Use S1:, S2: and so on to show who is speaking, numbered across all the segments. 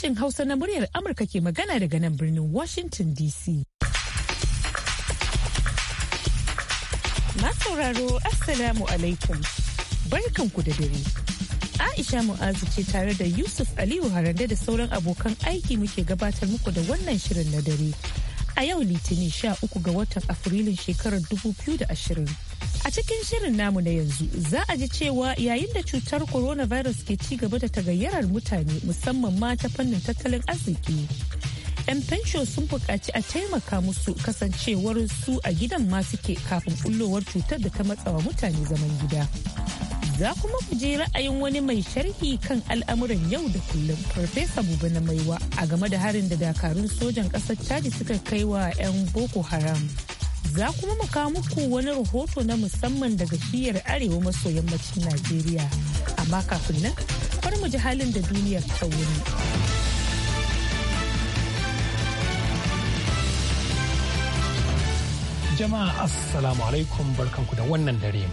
S1: sashen Hausa na muryar Amurka ke magana daga nan birnin Washington DC. sauraro Assalamu alaikum. Barkanku da dare. Aisha Mu'azu ce tare da Yusuf Aliyu Harande da sauran abokan aiki muke gabatar muku da wannan shirin na dare. A yau Litinin uku ga watan Afrilun shekarar 2020. A cikin shirin namu na yanzu za a ji cewa yayin da cutar coronavirus ke ci gaba da tagayyarar mutane musamman ma ta fannin tattalin arziki. 'Yan fensho sun buƙaci a taimaka musu kasancewar su a gidan ma suke kafin ƙullowar cutar da ta matsawa mutane zaman gida. Za kuma ku je ra'ayin wani mai sharhi kan al'amuran yau da kullum Farfesa Buba na Maiwa a game da harin da dakarun sojan ƙasar Chadi suka kai wa 'yan Boko Haram. za kuma mu muku wani rahoto na musamman daga fiyar arewa maso yammacin Najeriya. Amma kafin nan, bari mu ji halin da duniyar ta wuri.
S2: Jama'a Assalamu alaikum barkanku da wannan dare.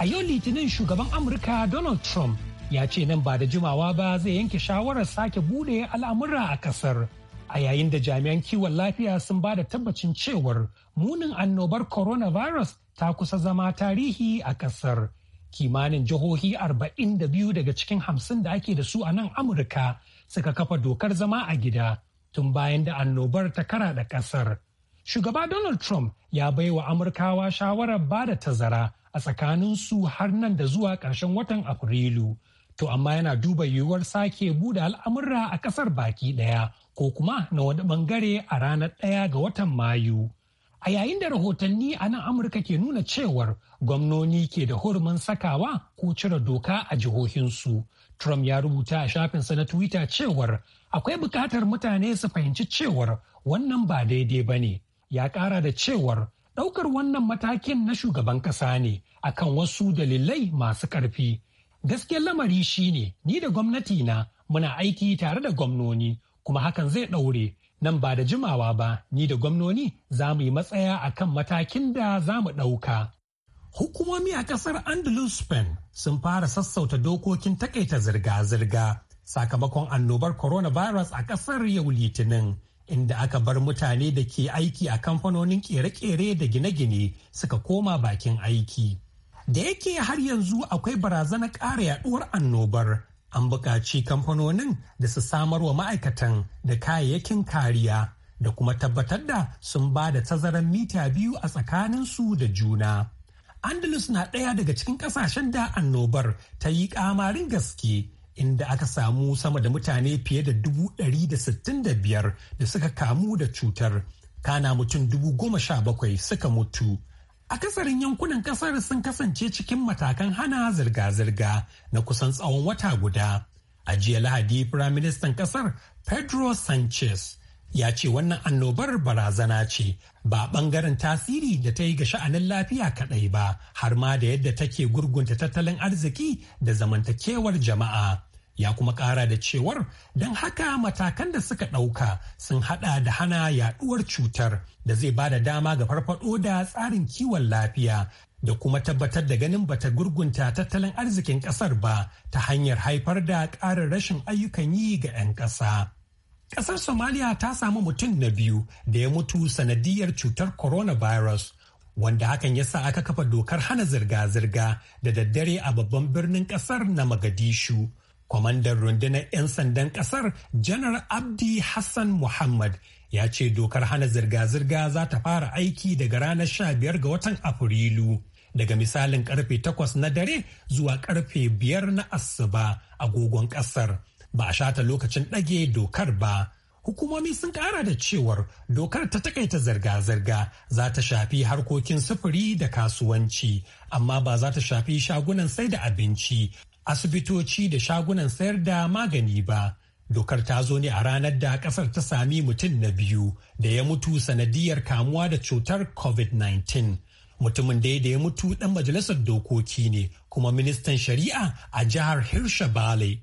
S2: A yau Litinin shugaban Amurka Donald Trump ya ce nan ba da jimawa ba zai yanke shawarar sake bude al'amura a kasar. a yayin da jami'an kiwon lafiya sun ba da tabbacin cewar munin annobar coronavirus ta kusa zama tarihi a kasar kimanin jihohi 42 daga cikin 50 da ake da su a nan amurka suka kafa dokar zama a gida tun bayan da annobar ta kara da kasar shugaba donald trump ya bai wa amurkawa shawarar ba da tazara a tsakanin su har nan da zuwa ƙarshen watan afrilu to amma yana duba yiwuwar sake buɗe al'amurra a kasar baki ɗaya ko kuma na wani bangare a ranar ɗaya ga watan mayu a yayin da rahotanni a nan amurka ke nuna cewar gwamnoni ke da hurumin sakawa ko cire doka a jihohinsu trump ya rubuta a shafinsa na twitter cewar akwai bukatar mutane su fahimci cewar wannan ba daidai ba ne ya kara da cewar ɗaukar wannan matakin na shugaban ƙasa ne akan wasu dalilai masu ƙarfi Gaskiyar lamari shine ni da gwamnati na muna aiki tare da gwamnoni kuma hakan zai ɗaure nan ba da jimawa ba ni da gwamnoni za mu yi matsaya a kan matakin da za mu ɗauka. Hukumomi a ƙasar Andalus Spain sun fara sassauta dokokin takaita zirga-zirga sakamakon annobar coronavirus a ƙasar yau litinin inda aka bar mutane da ke aiki a kamfanonin ƙere-ƙere da gine-gine suka koma bakin aiki. da yake har yanzu akwai barazanar ƙara yaduwar annobar an buƙaci kamfanonin da su samar wa ma'aikatan da kayayyakin kariya da kuma tabbatar da sun ba da tazarar mita biyu a tsakaninsu da juna andalus na ɗaya daga cikin ƙasashen da annobar ta yi ƙamarin gaske inda aka samu sama da mutane fiye da dubu ɗari da sittin da biyar da suka kamu da cutar kana mutum dubu goma sha bakwai suka mutu Akasarin yankunan kasar sun kasance cikin matakan hana zirga-zirga na kusan tsawon wata guda. A jiya Lahadi, Firaministan kasar Pedro Sanchez ya ce wannan annobar barazana ce ba bangaren tasiri da ta yi ga sha'anin lafiya kaɗai ba har ma da yadda take gurgunta tattalin arziki da zamantakewar jama'a. ya kuma kara da cewar don haka matakan da suka ɗauka sun hada da hana yaduwar cutar da zai ba da dama ga farfado da tsarin kiwon lafiya da kuma tabbatar da ganin bata gurgunta tattalin arzikin ƙasar ba ta hanyar haifar da ƙarin rashin ayyukan yi ga 'yan ƙasa. Ƙasar Somalia ta samu mutum na biyu da ya mutu sanadiyar cutar coronavirus wanda hakan ya sa aka kafa dokar hana zirga-zirga da daddare a babban birnin ƙasar na Magadishu. kwamandan rundunar 'yan sandan kasar janar abdi hassan muhammad ya ce dokar hana zirga-zirga za ta fara aiki daga ranar 15 ga watan afrilu daga misalin karfe 8 na dare zuwa karfe 5 na asuba agogon kasar ba a shata lokacin ɗage dokar ba hukumomi sun kara da cewar dokar ta takaita zirga-zirga za ta shafi harkokin sufuri da kasuwanci amma ba za ta shafi shagunan sai da abinci asibitoci da shagunan sayar da magani ba. Dokar ta zo ne a ranar da kasar ta sami mutum na biyu da ya mutu sanadiyar kamuwa da cutar COVID-19. Mutumin da ya mutu ɗan majalisar dokoki ne kuma ministan shari'a a jihar Hirsha Bale.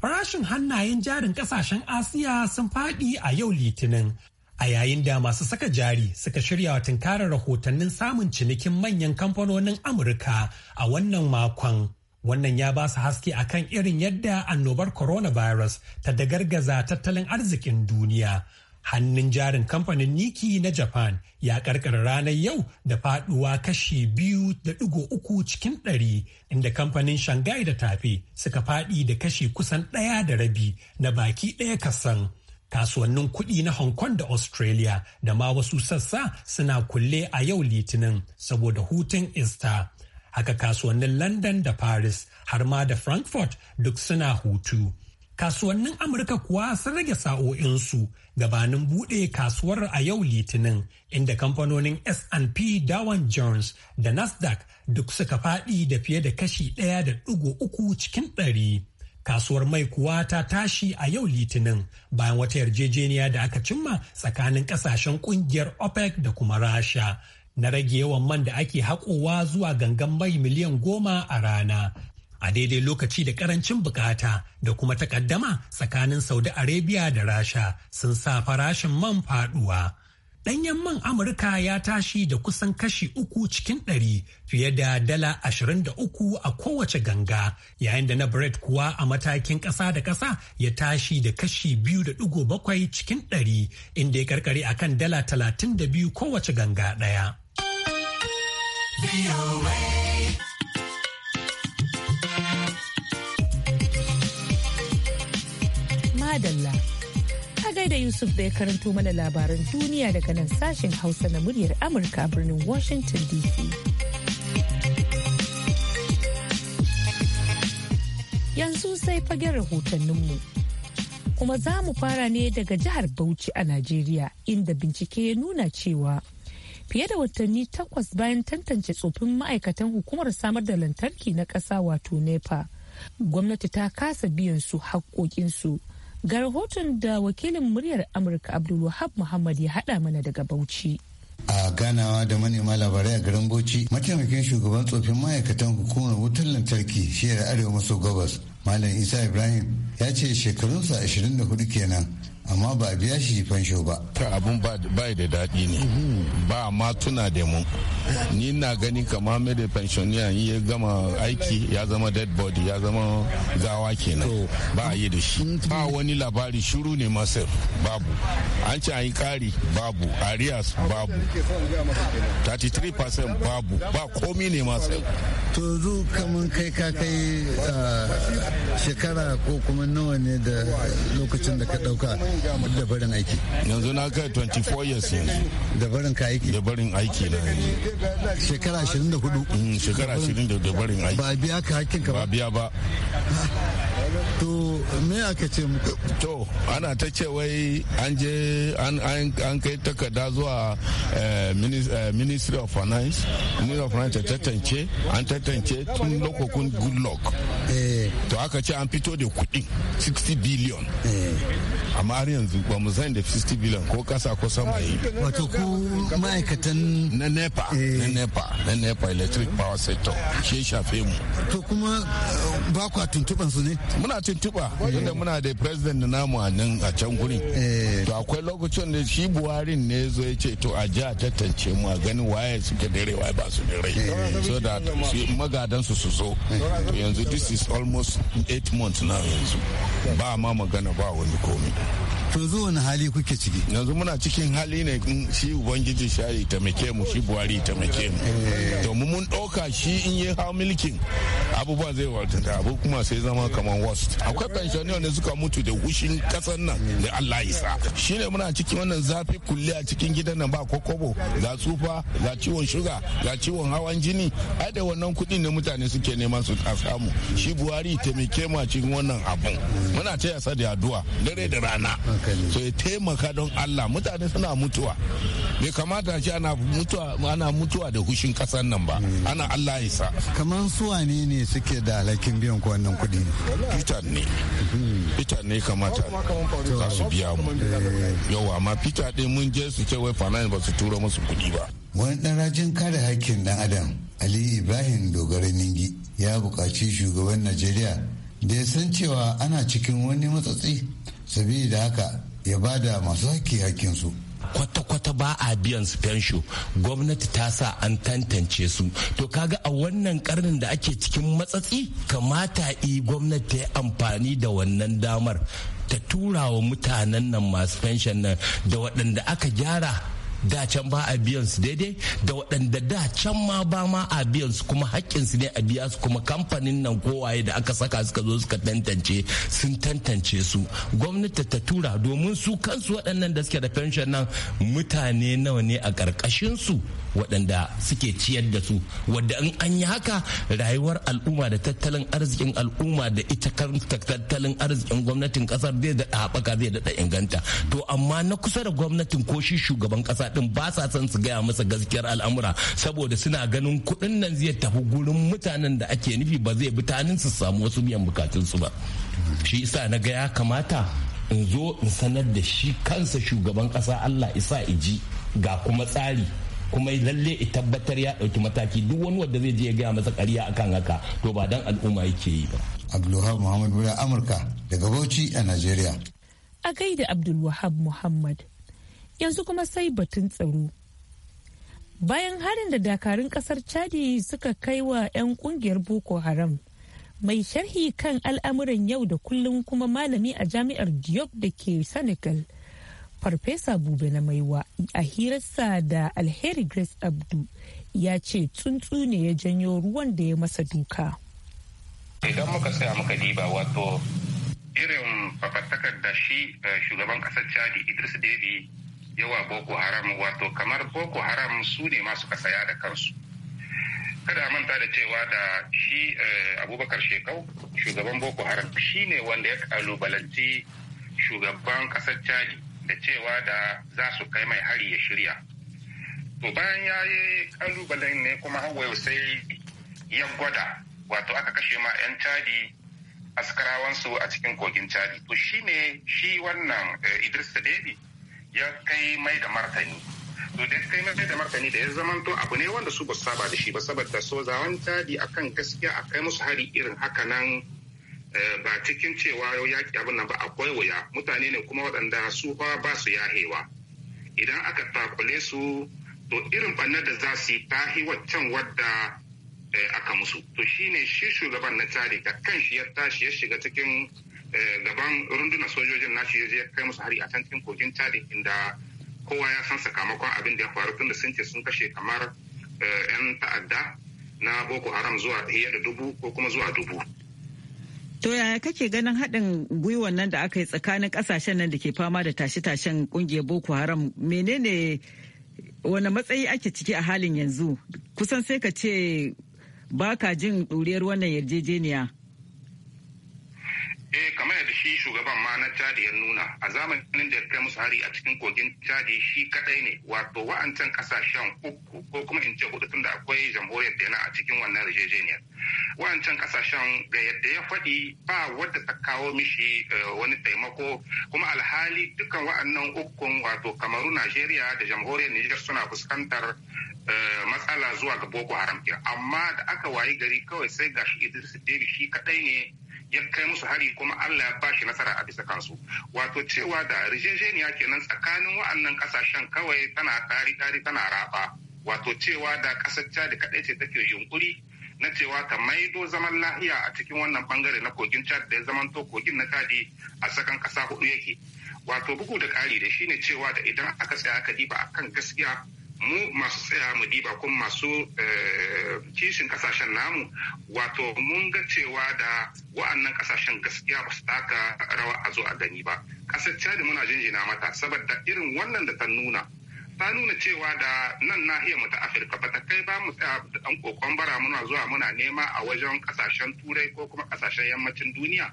S2: Farashin hannayen jarin kasashen Asiya sun faɗi a yau Litinin. A yayin da masu saka jari suka shirya wa tunkarar rahotannin samun cinikin manyan kamfanonin Amurka a wannan makon. Wannan ya ba su haske kan irin yadda annobar coronavirus ta dagargaza tattalin arzikin duniya. Hannun jarin kamfanin Niki na Japan ya karkara ranar yau da faduwa kashi biyu da digo uku cikin ɗari inda kamfanin Shanghai da tafe suka faɗi da kashi kusan ɗaya da rabi na baki ɗaya kasan. kasuwannin kuɗi na Hong Kong da Australia da ma wasu sassa suna kulle a yau litinin saboda hutun Easter. haka kasuwannin london da paris har ma da frankfurt duk suna hutu kasuwannin amurka kuwa sun rage sa'o'insu gabanin buɗe kasuwar a yau litinin inda kamfanonin S&P Dow Jones da Nasdaq duk suka faɗi da fiye da kashi ɗaya da ɗigo uku cikin ɗari. Kasuwar mai kuwa ta tashi a yau litinin bayan wata yarjejeniya da aka cimma tsakanin ƙasashen ƙungiyar OPEC da kuma Rasha na rage yawan man da ake haƙowa zuwa gangan mai miliyan goma a rana a daidai lokaci da karancin bukata da kuma takaddama tsakanin saudi arabia da rasha sun sa farashin man faduwa ɗanyen man amurka ya tashi da kusan kashi uku cikin ɗari fiye da dala ashirin da uku a kowace ganga yayin da na bread kuwa a matakin ƙasa da ƙasa ya tashi da kashi biyu da ɗigo bakwai cikin ɗari inda ya karkare akan dala talatin da biyu kowace ganga ɗaya.
S1: Madalla. A gaida Yusuf da ya karanto mana labaran duniya daga nan sashen Hausa na muryar Amurka a birnin Washington DC. Yanzu sai fagen rahotanninmu. Kuma za mu fara ne daga jihar Bauchi a Najeriya inda bincike ya nuna cewa fiye da watanni takwas bayan tantance tsofin ma'aikatan hukumar samar da lantarki na ƙasa wato nepa gwamnati ta kasa biyan su haƙoƙinsu ga rahoton da wakilin muryar amurka abdulwahab muhammad ya haɗa mana daga bauchi
S3: a ganawa da manema labarai a garin bauchi mataimakin shugaban tsofin ma'aikatan hukumar wutar lantarki shiyar arewa maso gabas malam isa ibrahim ya ce shekarunsa 24 kenan amma ba biya shi fansho ba ta abun ba da daɗi ne ba ma tuna da mu ni na gani kama mai da pensioner ya gama aiki ya zama dead body ya zama gawa kenan ba a yi da shi ba wani labari shuru ne masir babu an ci yi kari babu arias babu 33% babu ba komi ne masir to zu kamun kai ka kai ah, shekara ko kuma nawa ne da lokacin da ka dauka da barin aiki yanzu na kai 24 years yanzu da barin ka aiki da barin aiki na shekara 24 mm, shekara 24 da barin aiki ba biya ka hakkin ka ba biya ba ah. to me aka ce muku to ana ta ce wai an je an kai takarda zuwa eh, eh, ministry of finance ministry of finance ta tantance an tantance tun lokokun good luck. Eh. to aka ce an fito da kudi 60 billion amma har yanzu ba mu san da 60 billion ko kasa ko sama yi wato ku ma'aikatan na nepa na nepa na nepa electric power sector shi shafe mu to kuma ba kwa tuntuban su ne muna tuntuɓa tunda muna da president namu a nan a can guri eh. to akwai lokacin da shi buhari ne zo ya ce to a ji a tantance mu a gani waye suke dare waye ba su dare eh. so da magadan su su zo to yanzu this is almost eight months na yanzu ba ma magana ba wani komi to zo wani hali kuke ciki yanzu muna cikin hali ne shi ubangiji shari taimake mu shi buhari taimake mu eh. domin mun ɗauka shi in yi hau milkin abubuwa zai da abu kuma sai zama kamar worst akwai pensioner da suka mutu da wushin kasan nan da allah isa shi ne muna cikin wannan zafi kulle a cikin gidan nan ba kokobo ga tsufa ga ciwon shuga ga ciwon hawan jini ai da wannan kuɗin ne mutane suke neman su samu shi buhari taimake mu a cikin wannan abun muna taya sa da addu'a dare da rana so ya taimaka don allah mutane suna mutuwa bai kamata ce ana mutuwa ana mutuwa da hushin kasan nan ba hmm. ana allah sa. kamar suwa ne ne suke da alhakin biyan ku wannan kuɗi peter ne hmm. peter ne kamata za su biya mu eh. yawa amma peter ɗin mun je su ce wai finance ba su tura musu kuɗi ba wani ɗan rajin kare haƙƙin ɗan adam ali ibrahim dogara ningi ya buƙaci shugaban najeriya da ya san
S4: cewa ana cikin wani matsatsi sabida haka ya ba da masu haƙƙi haƙƙinsu kwata-kwata ba a biyan su fensho gwamnati ta sa an tantance su to kaga a wannan karnin da ake cikin matsatsi kamata i gwamnati ta yi amfani da wannan damar ta tura wa mutanen nan masu fenshon nan da waɗanda aka gyara da can ba a biyan su daidai da waɗanda da can ma ba ma a biyan su kuma haƙƙin su ne a biya su kuma kamfanin nan kowaye da aka saka suka zo suka tantance sun tantance su gwamnati ta tura domin su kansu waɗannan da suke da fenshon nan mutane nawa ne a ƙarƙashin su waɗanda suke ciyar da su wadda in an yi haka rayuwar al'umma da tattalin arzikin al'umma da ita tattalin arzikin gwamnatin ƙasar zai da haɓaka zai da inganta to amma na kusa da gwamnatin ko shi shugaban ƙasa din ba sa son su gaya masa gaskiyar al'amura saboda suna ganin kuɗin nan zai tafi gurin mutanen da ake nufi ba zai bi tanin su samu wasu biyan su ba shi isa na ga ya kamata in zo in sanar da shi kansa shugaban ƙasa allah isa iji ga kuma tsari kuma lalle i tabbatar ya ɗauki mataki duk wani wanda zai je ya gaya masa ƙarya akan haka to ba dan al'umma yake yi ba abdulwahab muhammad murya amurka daga bauchi a nigeria.
S1: a gaida abdulwahab muhammad yanzu kuma sai batun tsaro bayan harin da dakarun kasar chadi suka kai wa 'yan kungiyar boko haram mai sharhi kan al'amuran yau da kullum kuma malami a jami'ar diop da ke senegal farfesa bube na maiwa a hirarsa da alheri grace abdu ya ce tsuntsu ne ya janyo ruwan da ya masa duka
S5: idan muka saya muka diba wato irin fafattakar da shi eh, shugaban kasar chadi idris debi yawa boko haram wato kamar boko haram su ne masu kasaya da kansu kada manta da cewa da shi eh, abubakar shekau shugaban boko haram shi ne wanda ya kalubalanci shugaban kasar cadi da cewa da za su kai mai hari ya shirya to bayan ya yi kalubalen ne kuma hawaye sai ya gwada wato aka kashe ma 'yan cadi askarawansu a cikin kogin cadi to shi ne shi wannan eh, idris da ya kai mai da martani to da kai mai da martani da ya zamanto abu ne wanda su ba saba da shi ba saboda sojawan tadi akan gaskiya a kai musu hari irin haka nan eh, ba cikin cewa yaƙi abin nan ba akwai waya. mutane ne kuma waɗanda su ba su yahewa idan aka takule su to irin ɓannar da za su yi ta waccan wadda eh, aka musu to shine shi shugaban na tare da shi ya tashi ya shiga cikin gaban eh, rundunar sojojin nashi ya je kai musu hari a can cikin kogin chadi inda kowa ya san sakamakon abin da ya faru tunda sun ce sun kashe kamar eh, yan ta'adda na boko haram zuwa fiye da dubu ko kuma zuwa dubu
S6: To yaya kake ganin haɗin gwiwan nan da aka yi tsakanin ƙasashen nan da ke fama da tashe-tashen ƙungiyar Boko Haram menene wani matsayi ake ciki a halin yanzu kusan sai ka ce ba ka jin ɗuriyar wannan yarjejeniya.
S5: eh kamar yadda shi shugaban ma na Chad ya nuna a zamanin da kai musu hari a cikin kogin Chad shi kadai ne wato wa'ancan kasashen uku ko kuma in ce hudu tunda akwai jamhuriyar da yana a cikin wannan yarjejeniyar wa'ancan kasashen ga yadda ya faɗi ba wadda ta kawo mishi eh, wani taimako kuma alhali dukkan wa'annan ukun wato kamaru Najeriya da jamhuriyar Nijar suna fuskantar eh, matsala zuwa ga Boko Haram amma da aka wayi gari kawai sai gashi Idris Debi shi kadai ne ya kai musu hari kuma Allah ya bashi nasara a bisa kansu wato cewa da rijejeniya kenan tsakanin wa'annan kasashen kawai tana kari kari tana raba wato cewa da kasar Chad kadai ce take yunkuri na cewa ta maido zaman lahiya a cikin wannan bangare na kogin Chad da ya zamanto kogin na Chadi a sakan kasa hudu yake wato bugu da kari da shine cewa da idan aka tsaya aka diba akan gaskiya mu masu tsaya mu diba kuma masu eh, kishin kasashen namu wato mun ga cewa da wa'annan kasashen gaskiya ba su taka rawa a zo a gani ba kasar chad muna jinjina mata saboda irin wannan da ta nuna ta nuna cewa da nan nahiya mu ta afirka ba ta kai ba mu tsaya dan kokon bara muna zuwa muna nema a wajen kasashen turai ko kuma kasashen yammacin duniya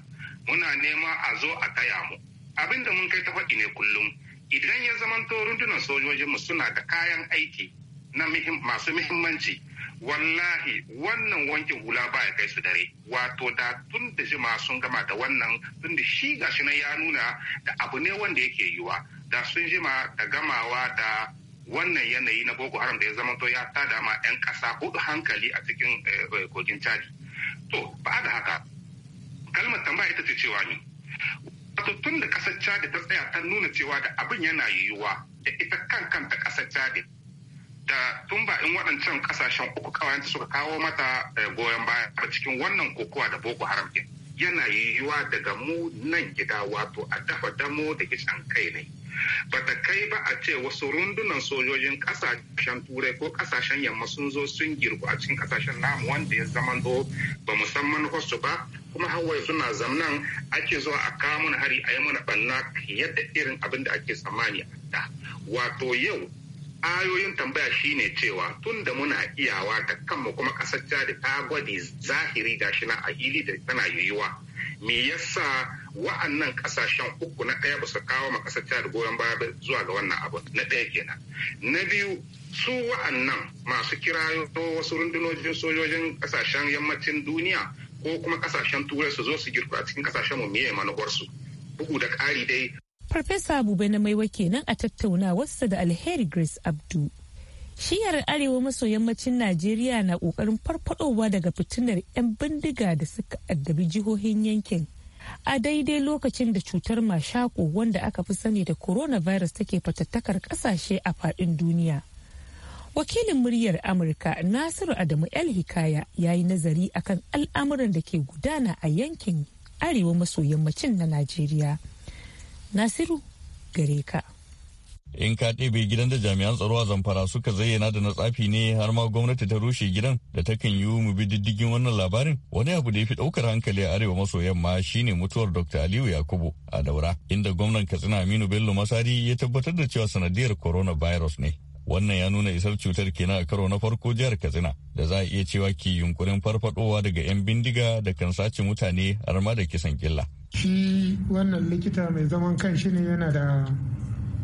S5: muna nema a zo a taya mu abinda mun kai ta faɗi ne kullum idan ya zamanto rundunar sojojinmu suna da kayan aiki na masu muhimmanci wallahi wannan wanke hula ba ya kai su dare wato da tun da jima sun gama da wannan tun da shi ga shi ya nuna da abu ne wanda yake yiwa da sun jima da gamawa da wannan yanayi na boko haram da ya zama to ya tada ma 'yan ƙasa hudu hankali a cikin eh, eh, kogin cadi to ba da haka kalmar tambaya ita ce cewa ne To tun da kasar Chad ta tsaya ta nuna cewa da abin yana yiwuwa da ita kan kanta kasar Chad da tun ba in waɗancan kasashen uku kawai suka kawo mata eh, goyon baya a cikin wannan kokowa da Boko Haram din. Yana yiwuwa daga mu nan gida wato a dafa damo da gisan kai ne. Ba ta kai ba a ce wasu rundunan sojojin ƙasashen turai ko ƙasashen yamma sun zo sun girku a cikin kasashen namu wanda ya do ba musamman hosu ba kuma hawaye suna zamnan ake zuwa a kawo hari a yi mana banna yadda irin abin da ake tsammani a wato yau ayoyin tambaya shine cewa tun da muna iyawa da kanmu kuma kasar da ta gwade zahiri shi na a hili da tana yiwuwa me yasa wa'annan kasashen uku na ɗaya ba su kawo ma kasar goyon baya zuwa ga wannan abu na ɗaya kenan na biyu su wa'annan masu kirayo wasu rundunojin sojojin kasashen yammacin duniya ko kuma kasashen turai su zo su girku a cikin
S1: kasashen mu meye su bugu da ƙari dai. Farfesa Bube na Maiwa kenan a tattaunawarsa da Alheri Grace Abdu. Shiyar Arewa maso yammacin Najeriya na ƙoƙarin farfadowa daga fitinar 'yan bindiga da suka addabi jihohin yankin. A daidai lokacin da cutar mashako wanda aka fi sani da coronavirus take fatattakar ƙasashe a faɗin duniya. wakilin muryar amurka nasiru adamu el hikaya ya yi nazari akan al'amuran da ke gudana a yankin arewa maso yammacin na najeriya nasiru gare ka
S7: in ka ɗebe gidan da jami'an tsaro a zamfara suka zayyana da na tsafi ne har ma gwamnati ta rushe gidan da ta kan yi mu bi diddigin wannan labarin wani abu da ya fi ɗaukar hankali a arewa maso yamma shine mutuwar dr aliyu yakubu a daura inda gwamnan katsina aminu bello masari ya tabbatar da cewa sanadiyar coronavirus ne wannan ya nuna isar cutar kenan a karo na farko jihar katsina da za a iya cewa ke yunkurin farfadowa daga 'yan bindiga da kan sace mutane har ma da kisan killa
S8: shi wannan likita mai zaman kan shi ne yana da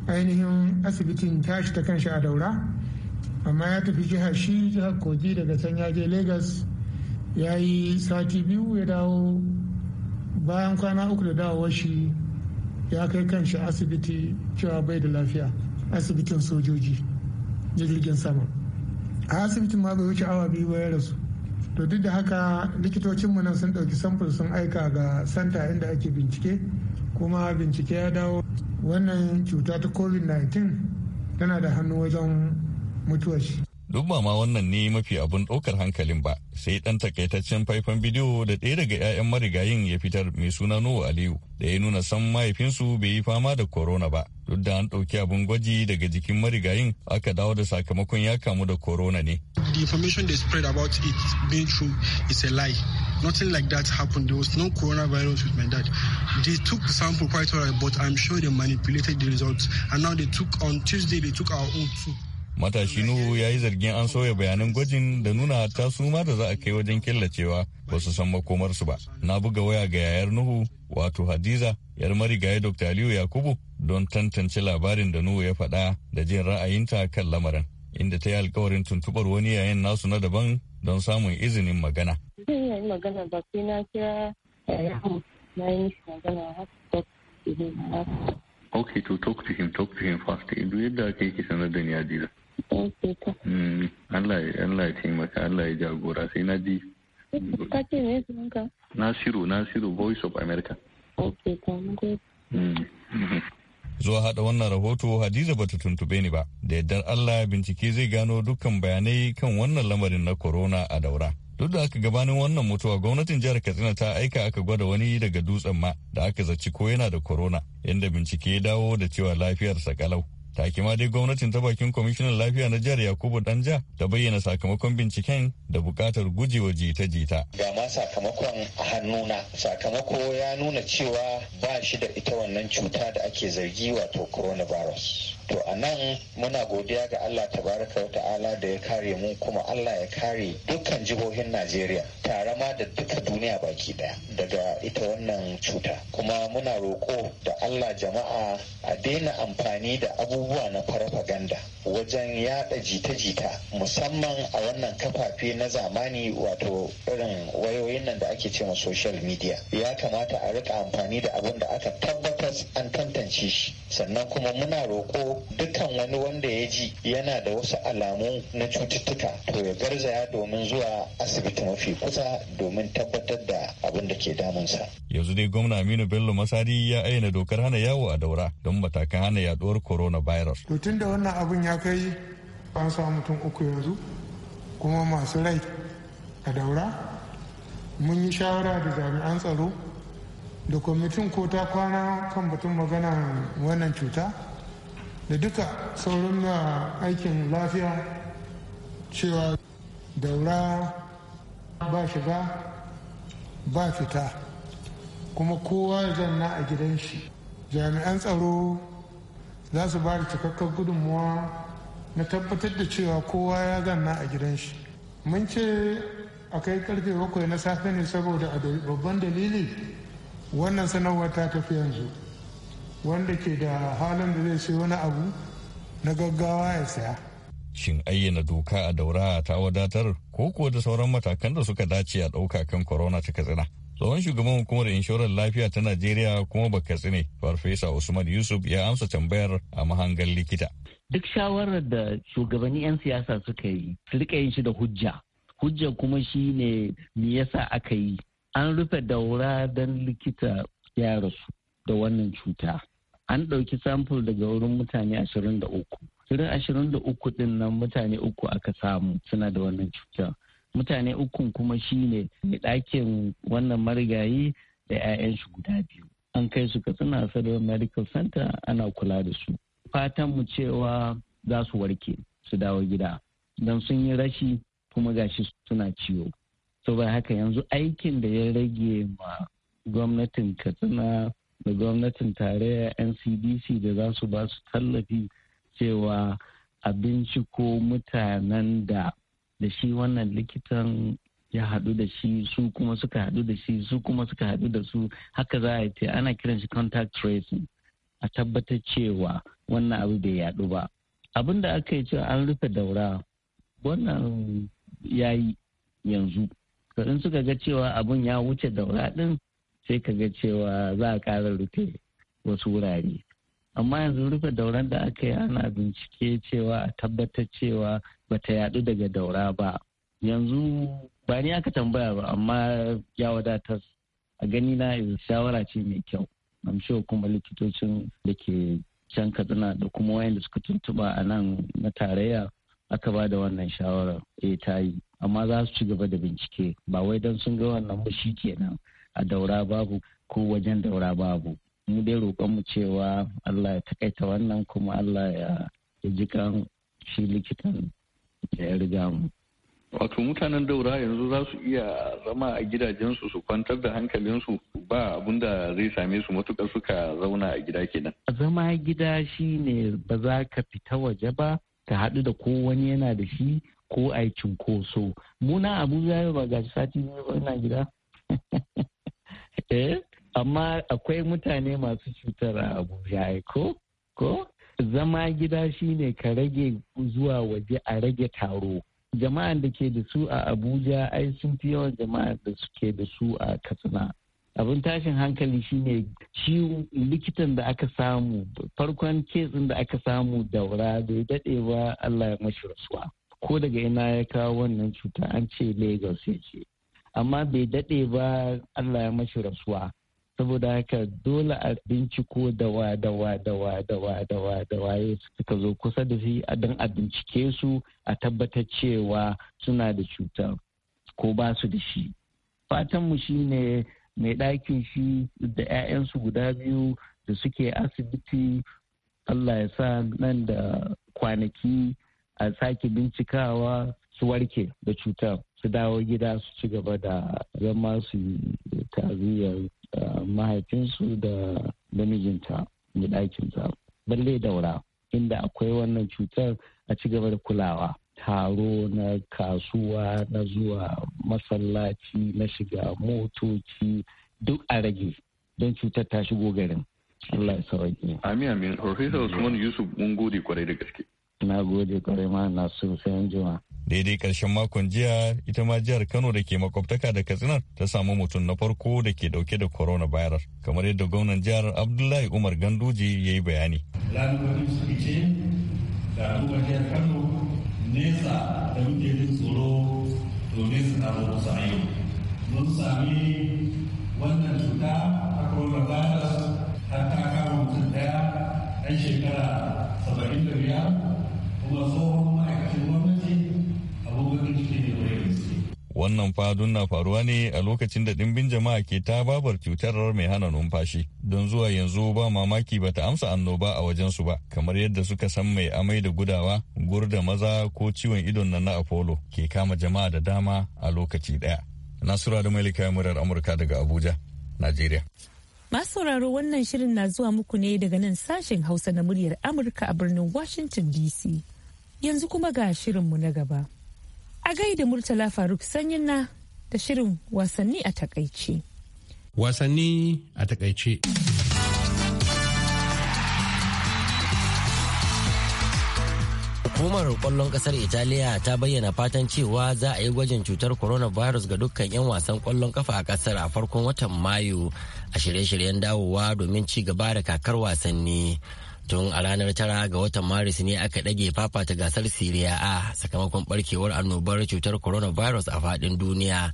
S8: ainihin asibitin tashi ta kanshi a daura amma ya tafi jihar shi jihar kogi daga can ya je lagos ya yi sati biyu ya dawo bayan kwana uku da dawowa shi ya kai kanshi asibiti cewa bai da lafiya asibitin sojoji jirgin sama a asibitin ma bai wuce awa biyu ya rasu to duk da haka likitocinmu nan sun ɗauki samfur sun aika ga santa inda ake bincike kuma bincike ya dawo wannan cuta ta covid-19 tana da hannu wajen mutuwar shi
S7: duk ba ma wannan ne mafi abun ɗaukar hankalin ba sai ɗan takaitaccen faifan bidiyo da ɗaya daga 'ya'yan marigayin ya fitar mai suna nuwa aliyu da ya nuna san mahaifinsu bai yi fama da corona ba duk da an ɗauki abin gwaji daga jikin marigayin aka dawo da sakamakon ya kamu da corona ne.
S2: The information
S7: they spread about
S3: it being true is a lie. Nothing like that happened. There was no coronavirus with my dad. They took the sample quite alright, but I'm sure they manipulated the results. And now they took on Tuesday
S7: they took our own too. matashi nuhu ya yi zargin an sauya bayanan gwajin da nuna ta suma da za a kai wajen killacewa ba su san makomarsu ba na buga waya ga yayar nuhu wato hadiza yar marigayi dr aliyu yakubu don tantance labarin da nuhu ya faɗa da jin ra'ayinta kan lamarin inda ta yi alkawarin tuntubar wani yayin nasu na daban don samun izinin magana.
S9: Zan yi magana ba sai na kira eh, na yi magana har da
S7: Okay, to talk to him, talk to him fast. Eh, duk yadda aka yi sanar da ni Adira. Mm, Allah ya Allah ya taimaka, Allah ya jagora sai na ji.
S1: Ka ce me sunanka?
S7: Nasiru, Nasiru, Voice of America. Mm. zuwa hada wannan rahoto hadiza bata tuntube ni ba da yardar allah bincike zai gano dukkan bayanai kan wannan lamarin na corona a daura duk da aka gabanin wannan mutuwa gwamnatin jihar katsina ta aika aka gwada wani daga dutsen ma da aka zaci ko yana da corona inda bincike ya dawo da cewa lafiyarsa kalau take ma dai gwamnatin ta bakin kwamishinan lafiya na jihar yakubu danja ta bayyana sakamakon binciken da bukatar gujewa jita-jita ga ma sakamakon a hannuna sakamako ya nuna
S9: cewa ba shi da ita wannan cuta da ake zargi wato coronavirus to a nan muna godiya ga allah tabaraka wa ta'ala da ya kare mu kuma allah ya kare dukkan jihohin najeriya tare ma da duka duniya baki daya daga ita wannan cuta kuma muna roko da allah jama'a a daina amfani da abubuwa na farfaganda wajen yada jita-jita musamman a wannan kafafe na zamani wato irin wayoyin nan da ake ce ma social media ya kamata a rika amfani da abin da aka tabbatar an tantance shi sannan kuma muna roko dukkan wani wanda ya ji yana da wasu alamu na cututtuka
S7: to ya garzaya
S9: domin zuwa asibiti mafi kusa domin tabbatar da abin da ke damunsa.
S7: Yanzu dai gwamna Aminu Bello Masari ya aina dokar hana yawo a daura don matakan hana yaduwar coronavirus. To tun
S8: da wannan abin ya kai an samu mutum uku yanzu kuma masu rai a daura mun yi shawara da jami'an tsaro da kwamitin ko ta kwana kan batun magana wannan cuta da duka sauran na aikin lafiya cewa daura ba shiga ba fita kuma kowa ya zanna a gidan shi jami'an tsaro za su ba da cikakkar gudunmuwa na tabbatar da cewa kowa ya zanna a gidan shi mun ce a kai karfe bakwai na safe ne saboda a babban dalili wannan sanarwar ta tafi yanzu wanda ke da halin da zai sai wani abu
S7: na gaggawa ya saya. Shin ayyana doka a daura ta wadatar ko kuwa da sauran matakan da suka dace a ɗauka kan corona ta katsina? Tsohon shugaban hukumar inshorar lafiya ta Najeriya kuma ba katsine, Farfesa Usman Yusuf ya amsa tambayar a mahangar likita.
S9: Duk shawarar da shugabanni 'yan siyasa suka yi, su rika yin shi da hujja. Hujja kuma shi ne me yasa aka yi. An rufe daura don likita ya rasu da wannan cuta. an ɗauki samfur daga wurin mutane ashirin da uku wurin ashirin da uku ɗin nan mutane uku aka samu suna da wannan cuta mutane ukun kuma shine mai ɗakin wannan marigayi da 'ya'yan shi guda biyu an kai su katsina sadar medical center ana kula da su fatan mu cewa za su warke su dawo gida don sun yi rashi kuma gashi suna ciwo saboda haka yanzu aikin da ya rage ma gwamnatin katsina da gwamnatin tarayya ncdc da za su ba su tallafi cewa abinci ko mutanen da da shi wannan likitan ya haɗu da shi su kuma suka hadu da shi su kuma suka haɗu da su haka za a ce ana kiran shi contact tracing a tabbatar cewa wannan abu bai yaɗu ba abin da aka yi cewa an rufe daura wannan yayi yanzu in suka ga cewa abin ya wuce daura din. sai ka ga cewa za a ƙara rufe wasu wurare amma yanzu rufe dauran da aka yi ana bincike cewa a tabbatar cewa bata yaɗu daga daura ba yanzu ba ni aka tambaya ba amma ya wadatar a gani na shawara ce mai kyau amsho kuma likitocin da ke can katsina da kuma wayan da suka tuntuba a nan na tarayya aka ba da wannan shawarar eh ta yi amma za su ci gaba da bincike ba wai don sun ga wannan ba shi kenan a daura babu ko wajen daura babu mu dai roƙonmu cewa allah ya takaita wannan kuma allah ya jikan shi likitan da ya riga mu
S7: wato mutanen daura yanzu za su iya zama a gidajensu su kwantar da hankalinsu ba abin da zai same su matukar suka zauna a gida kenan
S9: zama gida shine ba za ka fita waje ba ka haɗu da ko wani yana da shi ko aicin ko so muna abuja ba ga sati ina gida Eh, amma akwai mutane masu cutar a abuja ko ko zama gida shine ka rage zuwa waje a rage taro jama'an da ke da su a abuja ai sun fi yawan jama'an da suke da su a katsina abin tashin hankali shine shi likitan da aka samu farkon kesin da aka samu daura bai dade ba allah ya mashi rasuwa ko daga ina ya kawo wannan cuta an ce lagos ya ce amma bai daɗe ba Allah ya mashi rasuwa saboda haka dole a binciko da wa da wa da wa da wa da wa da wa suka zo kusa da shi a don a bincike su a tabbatar cewa suna da cutar ko ba su da shi fatan fatanmu shine mai ɗakin shi da 'ya'yansu guda biyu da suke asibiti Allah ya sa nan da kwanaki a sake bincikawa su warke da cutar su dawo gida su ci gaba da zama su ta'aziyyar ah, mahaifinsu da namijinta da ɗakinsa balle daura inda akwai wannan cutar a ci gaba da kulawa taro na kasuwa na zuwa masallaci na shiga motoci duk a rage don cutar ta shigo garin Allah ya sauraki.
S7: Amin amin. Professor Usman Yusuf mun gode kwarai da gaske.
S9: Na gode kwarai ma na sun sayan jima.
S7: daidai ƙarshen makon jiya ita ma jihar kano da ke makwabtaka da katsina ta samu mutum na farko da ke dauke da coronavirus kamar yadda gwamnan jihar abdullahi umar ganduje ya yi bayani nesa
S3: da muke jin tsoro domin su taro musu a yau mun sami wannan cuta a coronavirus har ta kama mutum daya ɗan shekara 75
S2: kuma tsohon
S7: Wannan fadun na faruwa ne a lokacin da ɗimbin jama'a ke ta babar cutar mai hana numfashi. Don zuwa yanzu ba mamaki ba ta amsa annoba a wajensu ba, kamar yadda suka san mai amai da gudawa, gurda maza ko ciwon idon nan na Apollo ke kama jama'a da dama a lokaci ɗaya. Nasura da Malika murar Amurka daga Abuja, Najeriya.
S1: Masu sauraro wannan shirin na zuwa muku ne daga nan sashen Hausa na muryar Amurka a birnin Washington DC. Yanzu kuma ga mu na gaba. a gaida murtala faruk sanyin na da shirin wasanni a takaice
S2: wasanni a takaice
S6: hukumar kwallon kasar italiya ta bayyana fatan cewa za a yi gwajin cutar coronavirus ga dukkan 'yan wasan kwallon kafa a kasar a farkon watan mayu a shirye-shiryen dawowa domin ci gaba da kakar wasanni tun a ranar tara ga watan maris ne aka ɗage fafata gasar siriya a sakamakon barkewar annobar cutar coronavirus a faɗin duniya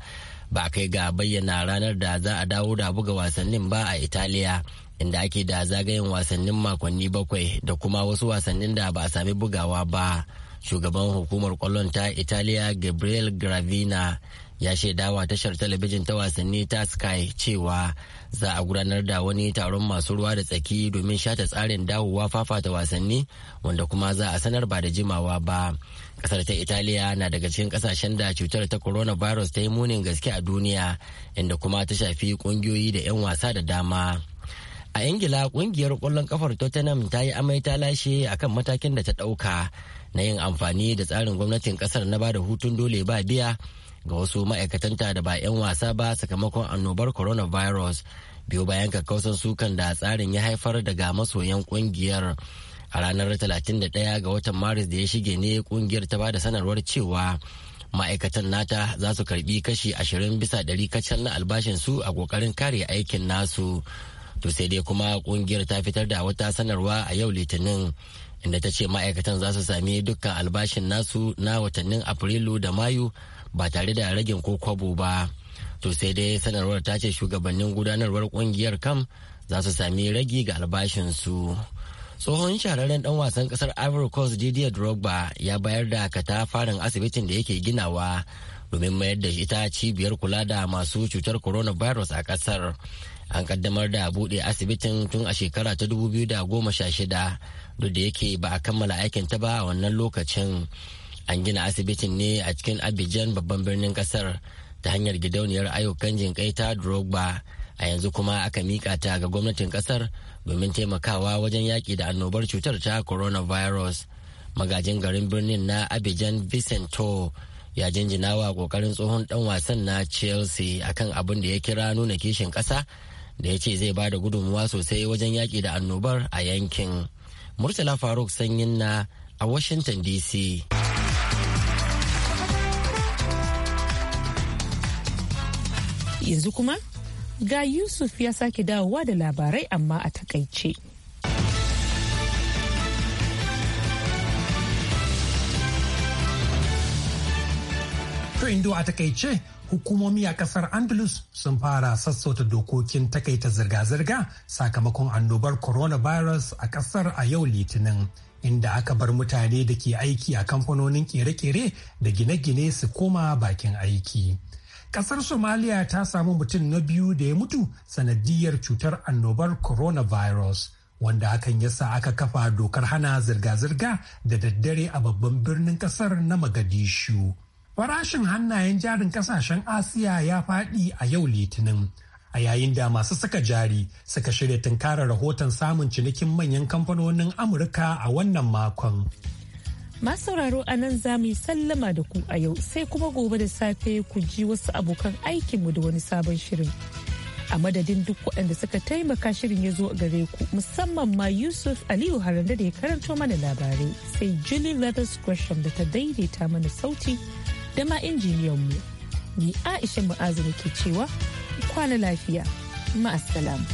S6: ba kai ga bayyana ranar da za a dawo da buga wasannin ba a italiya inda ake da zagayen wasannin makonni bakwai da kuma wasu wasannin da ba a sami bugawa ba shugaban hukumar kwallon ta italiya gabriel gravina ya shaidawa tashar talabijin ta wasanni ta sky cewa za a gudanar da wani taron masu ruwa da tsaki domin shata tsarin dawowa fafata wasanni wanda kuma za a sanar ba da jimawa ba kasar ta italiya na daga cikin kasashen da cutar ta coronavirus ta yi munin gaske a duniya inda kuma ta shafi kungiyoyi da 'yan wasa da dama a ingila kungiyar kwallon kafar tottenham ta yi amai ta lashe akan matakin da ta dauka na yin amfani da tsarin gwamnatin kasar na bada hutun dole ba biya ga wasu ma'aikatanta da ba 'yan wasa ba sakamakon annobar coronavirus biyu bayan kakkausan sukan da tsarin ya haifar daga masoyan kungiyar a ranar 31 ga watan maris da ya shige ne kungiyar ta ba da sanarwar cewa ma'aikatan nata za su karbi kashi 20 bisa ɗari kacal na albashinsu a kokarin kare aikin nasu to sai dai kuma kungiyar ta fitar da wata sanarwa a yau litinin inda ta ce ma'aikatan za su sami dukkan albashin nasu na watannin afrilu da mayu ba tare da ragin ko kwabo ba to sai dai sanarwar ta ce shugabannin gudanarwar kungiyar kam za su sami ragi ga albashinsu tsohon shahararren dan wasan kasar ivory coast didier drogba ya bayar da katafaren asibitin da yake ginawa domin mayar da ita cibiyar kula da masu cutar coronavirus a kasar an kaddamar da bude asibitin tun a shekara ta 2016 duk da yake ba a kammala aikin ta ba a wannan lokacin an gina asibitin ne a cikin abidjan babban birnin kasar ta hanyar gidauniyar ayyukan jinkai ta drogba a yanzu kuma aka mika ta ga gwamnatin kasar domin taimakawa wajen yaƙi da annobar cutar ta coronavirus magajin garin birnin na abidjan vicento ya jinjina wa kokarin tsohon ɗan wasan na chelsea akan abin da ya kira nuna kishin ƙasa da ya ce zai ba da gudunmuwa sosai wajen yaƙi da annobar a yankin. Murtala Faruk sanyin na a Washington DC.
S1: Yanzu kuma ga Yusuf ya sake dawowa da labarai
S2: amma a takaice. indo a takaice hukumomi a kasar andalus sun fara sassauta dokokin takaita zirga-zirga sakamakon annobar coronavirus a kasar a yau litinin inda aka bar mutane da ke aiki a kamfanonin kere-kere da gine-gine su koma bakin aiki kasar somalia ta samu mutum na biyu da ya mutu sanadiyar cutar annobar coronavirus wanda hakan ya sa aka kafa dokar hana zirga-zirga da daddare a babban birnin kasar na magadishu. Farashin hannayen jarin kasashen Asiya ya faɗi a yau Litinin. A yayin da masu saka jari suka shirya tunkarar rahoton samun cinikin manyan kamfanonin Amurka a wannan makon.
S1: Masu sauraro a nan za mu yi sallama da ku a yau sai kuma gobe da safe ku ji wasu abokan aikinmu da wani sabon shirin. a madadin duk waɗanda suka taimaka shirin ya zo gare ku musamman ma yusuf aliyu haranda da ya karanto mana labarai sai julie leathers gresham da ta daidaita mana sauti da ma injiniyanmu. Ni Aisha Mu'azu ke cewa kwana lafiya, ma'asalamu.